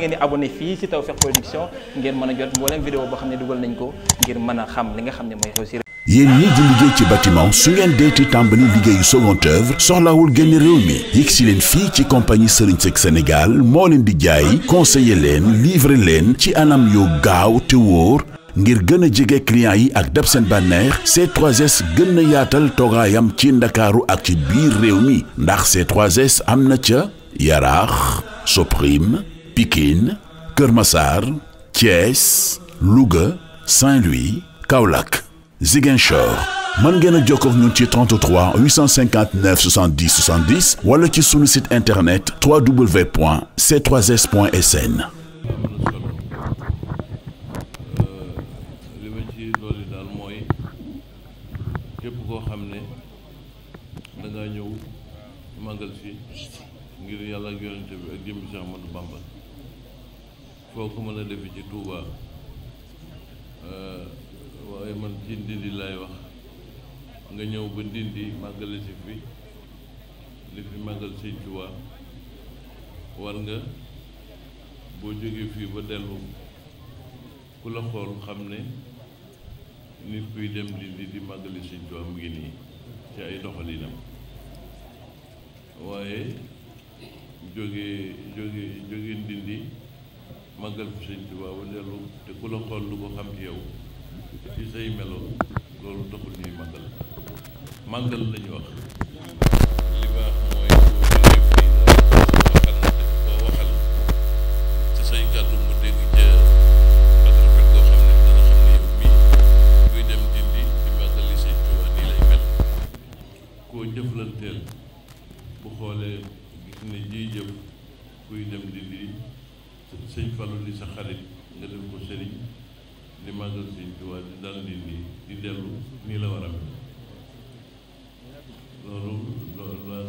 ngeen di abonné fii ci Tawfekh ngeen mën a jot mboolem vidéo boo xam ne dugal nañ ko ngir mën a xam li nga xam ne mooy xew ci yéen ñii di liggéey ci bâtiment su ngeen deeti tàmbali liggéeyu seconde œuvre soxlawul génn réew mi yegg si leen fii ci compagnie Serigne Seck Sénégal moo leen di jaay conseiller leen livrer leen ci anam yoo gaaw te wóor ngir gën a jege client yi ak dab seen bànneex c 3 gën a yaatal toogaayam ci ndakaaru ak ci biir réew mi ndax c 3 am na ca Yaraax Soprim Pikine Kër Massar Thiès Louga Saint-Louis Kaolack Ziguinchor mën ngeen a jokkoo ak ñun ci 33 859 70 70 wala ci sunu site internet www.c3s.sn koo ko mën a defe ci Touba euh, waaye man ci Ndindi laay wax nga ñëw ba Ndindi màggale si fi li fi màggal Sëñ Touba war nga boo jógee fii ba dellu ku la xool xam ne nit kuy dem Ndindi di màggali Sëñ Touba mu ngi nii ci ay doxalinam waaye jóge jóge jóge Ndindi màggal fi sëñ Tuubaa te ku la xool lu ko xam ci yow ci say melo loolu taxul ñuy màggal màggal lañu wax falul li sa xarit nga def ko sëriñ di màggal sëriñ Tuubaa di dal di dellu nii la war a mel loolu la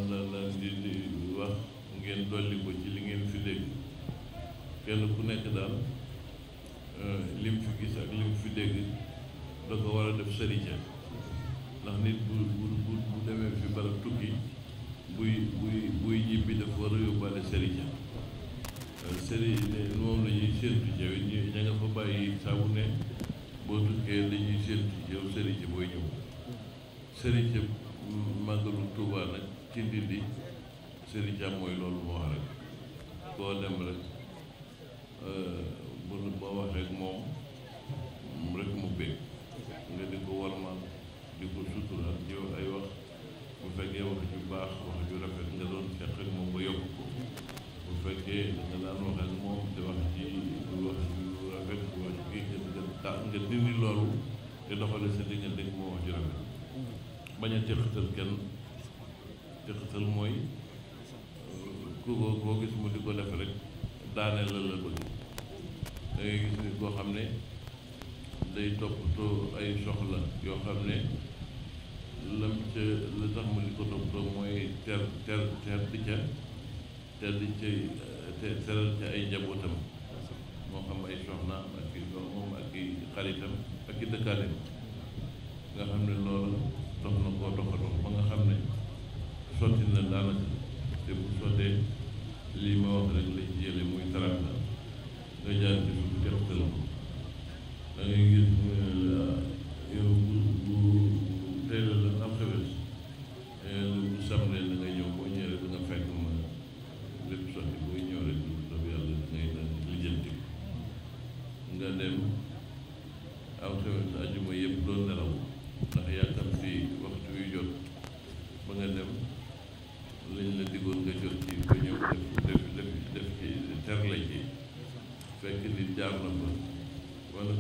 la la di di wax ngeen dolli ko ci li ngeen fi dégg kenn ku nekk daal euh, lim fi gis ak lim fi dégg da ko war a def sëriñca ndax nit bu bu bu demee fi barab tukki buy buy buy ñibbi dafa war a yóbbaale sëriñca sëri moom lañuy ñuy séentu ci yow ñu ña nga fa bàyyi saa ne boo tukkee la ñuy séentu ci yow sëriñ ci booy ñëw sëriñ ci màggalu Tuubaa nag ci Ndindi sëriñ ci am loolu moo wax rek koo dem rek euh, bu boo waxee ak moom rek mu bég nga di ko warmal di ko sutural ci ay wax bu fekkee wax ju baax wax ju rafet nga doon fekk ak moom ba yokk ko bu fekkee da daan wax moom te wax ci lu wax lu rafet bu wax kii nga nga tax nga dindi loolu te doxale sa diggante ak moo wax ju bañ a teqatal kenn mooy ku ko koo gis mu di ko def rek daaneel la la bëgg da ngay gis nit koo xam ne day toppatoo ay soxla yoo xam ne lam ca la tax mu di ko toppatoo mooy ter ter ter di teel liñ cay eh, teral ci ay njabootam moo xam ay soxnaam ak i doomam ak i xaritam ak i dëkkaaleem nga xam ne loolu dox na koo doxatoo ba nga xam ne sotti na daanaka te bu sottee lii ma wax rek lay jële muy taranga nga jaar ci suuf teewtal da ngay gis eh, gànneem aw xewet na ajuma yëpp doon nelaw ndax yàkkam waxtu yu jot ba nga dem lañ la diggoon nga jot ci ba ñëw def def def ci terle ci fekk nit jaar na fa wala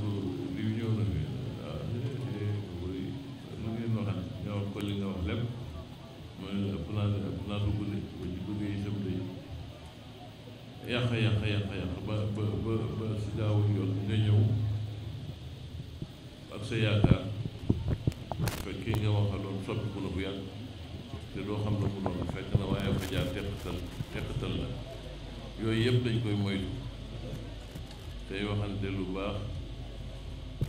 yàq yàq yàq yàq ba ba ba ba si gaawu yoon nga ñëw ak sa yaakaar fekkee nga waxaloon soppiku na bu yàgg te doo xam ne mu doon fekk na waaye fa jaar teqatal teqatal la yooyu yëpp dañ koy moytu tey waxante lu baax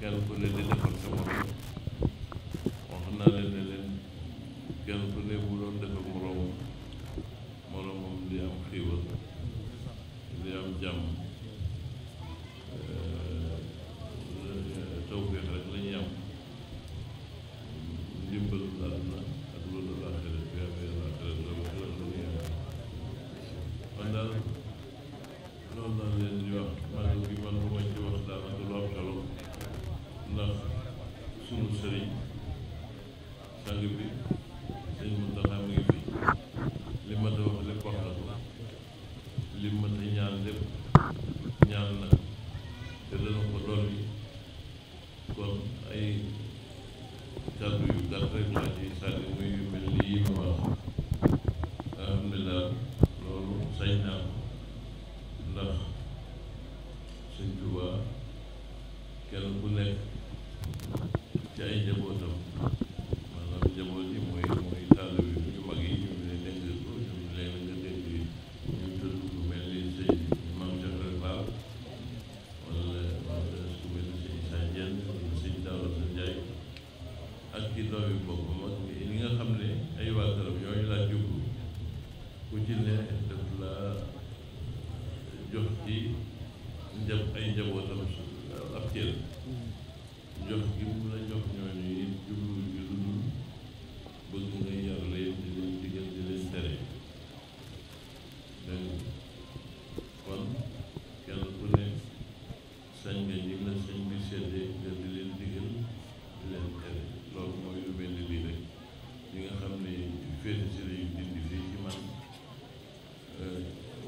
kenn ku ne di defal sa morom wax naa leen ne leen kenn ku ne ma bi ak ci doom yi boppam ak ñi nga xam ne ay waa këram ñooñu laa jublu ku ci daf la jox ci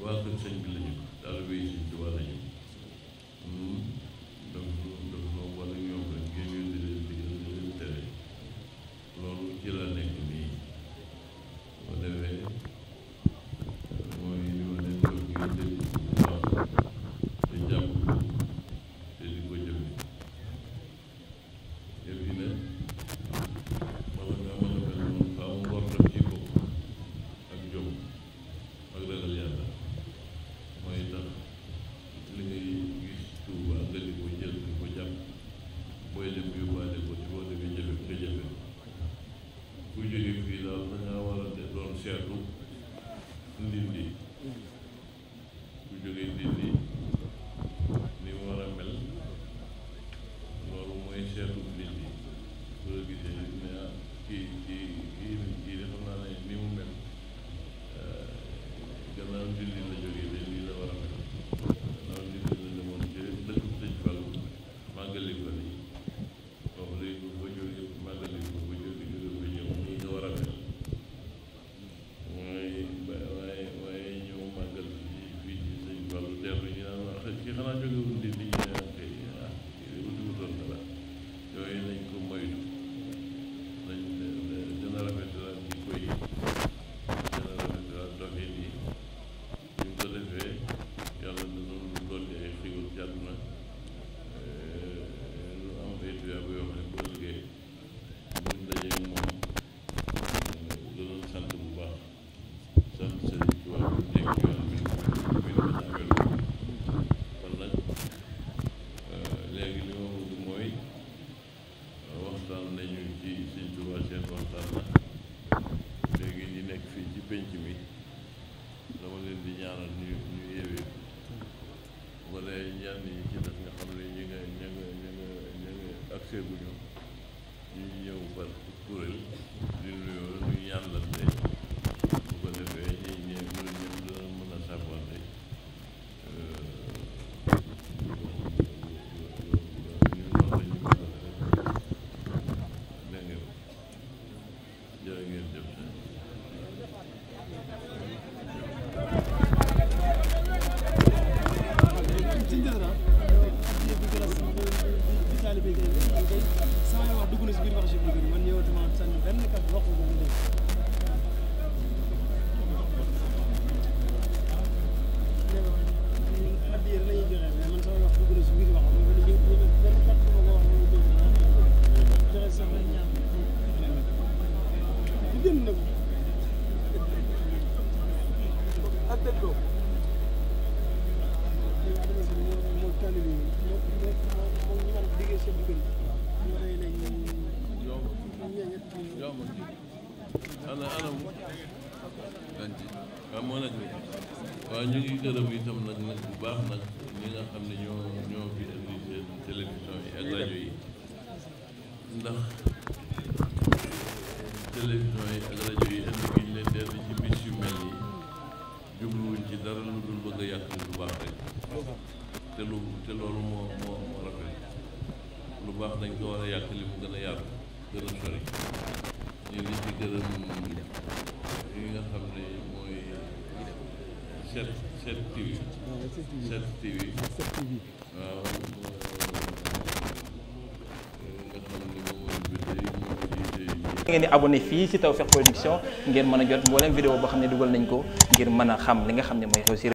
waa kër sëñ bi lañu taalibe sëñ Tuubaa lañu bu jógee fii daal dañaa war a doon seetlu ndindi mm. bu jógee ndindi görüşürüz. waaw ñu ngi gërëm itam nag nag bu baax nag ñi nga xam ne ñoo ñoo fi indi seen télévision yi ak rajo yi ndax télévision yi ak rajo yi indi gi ñu leen dell ci bis yu mel yi jubluwuñ ci dara lu dul bëgg a yàq lu baax rek te loolu moo moo rafet lu baax dañ ko war a yàq li mu gën a yàqu gën a sori ñu ngi ci gërëm set set TV. waaw set TV set ngeen di abonné fii ci Tawfekh Production ngeen mën a jot mboolem vidéo boo xam ne dugal nañ ko ngir mën a xam li nga xam ne mooy xew ci